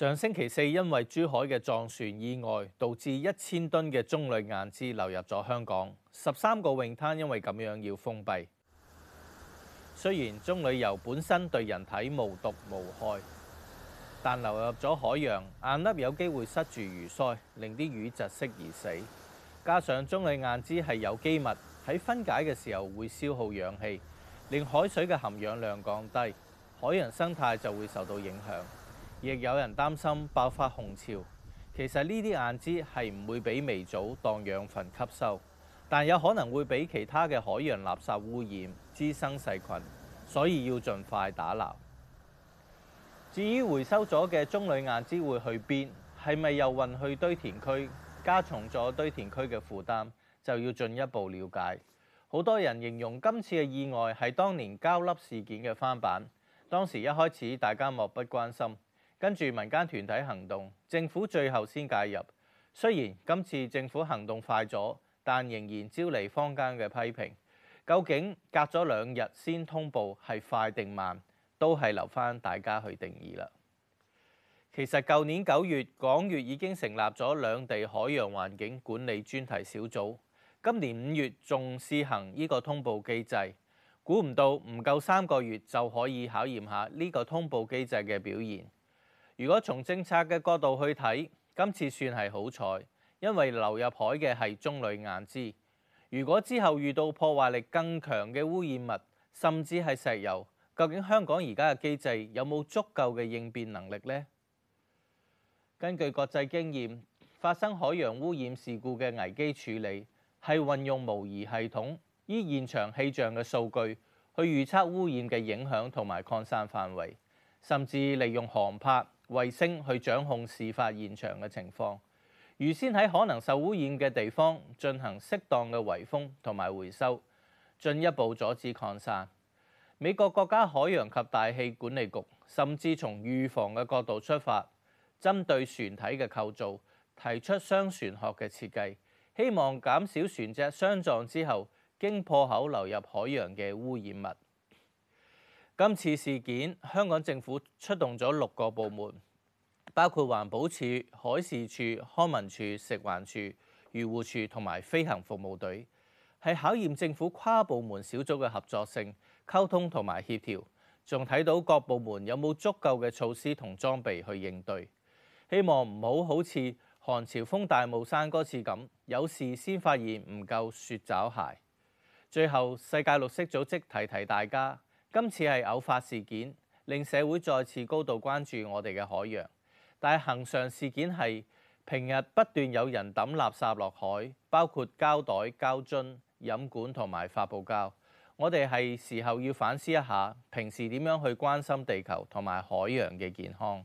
上星期四，因為珠海嘅撞船意外，導致一千噸嘅棕櫚硬脂流入咗香港，十三個泳灘因為咁樣要封閉。雖然棕櫚油本身對人體無毒無害，但流入咗海洋，硬粒有機會失塞住魚鰓，令啲魚窒息而死。加上棕櫚硬脂係有機物，喺分解嘅時候會消耗氧氣，令海水嘅含氧量降低，海洋生態就會受到影響。亦有人擔心爆發紅潮，其實呢啲硬脂係唔會俾微藻當養分吸收，但有可能會俾其他嘅海洋垃圾污染滋生細菌，所以要盡快打撈。至於回收咗嘅棕櫚硬脂會去邊，係咪又運去堆填區加重咗堆填區嘅負擔，就要進一步了解。好多人形容今次嘅意外係當年膠粒事件嘅翻版，當時一開始大家漠不關心。跟住民間團體行動，政府最後先介入。雖然今次政府行動快咗，但仍然招嚟坊間嘅批評。究竟隔咗兩日先通報係快定慢，都係留翻大家去定義啦。其實舊年九月，港粵已經成立咗兩地海洋環境管理專題小組。今年五月仲試行呢個通報機制，估唔到唔夠三個月就可以考驗下呢個通報機制嘅表現。如果從政策嘅角度去睇，今次算係好彩，因為流入海嘅係棕櫚硬脂。如果之後遇到破壞力更強嘅污染物，甚至係石油，究竟香港而家嘅機制有冇足夠嘅應變能力呢？根據國際經驗，發生海洋污染事故嘅危機處理係運用模擬系統，以現場氣象嘅數據去預測污染嘅影響同埋擴散範圍，甚至利用航拍。衛星去掌控事發現場嘅情況，預先喺可能受污染嘅地方進行適當嘅圍封同埋回收，進一步阻止擴散。美國國家海洋及大氣管理局甚至從預防嘅角度出發，針對船體嘅構造，提出雙船殼嘅設計，希望減少船隻相撞之後經破口流入海洋嘅污染物。今次事件，香港政府出動咗六個部門，包括環保署、海事處、康文署、食環署、漁護署同埋飛行服務隊，係考驗政府跨部門小組嘅合作性、溝通同埋協調，仲睇到各部門有冇足夠嘅措施同裝備去應對，希望唔好好似韓朝風大霧山嗰次咁，有事先發現唔夠雪爪鞋。最後，世界綠色組織提提大家。今次係偶發事件，令社會再次高度關注我哋嘅海洋。但係恆常事件係平日不斷有人抌垃圾落海，包括膠袋、膠樽、飲管同埋發泡膠。我哋係時候要反思一下，平時點樣去關心地球同埋海洋嘅健康。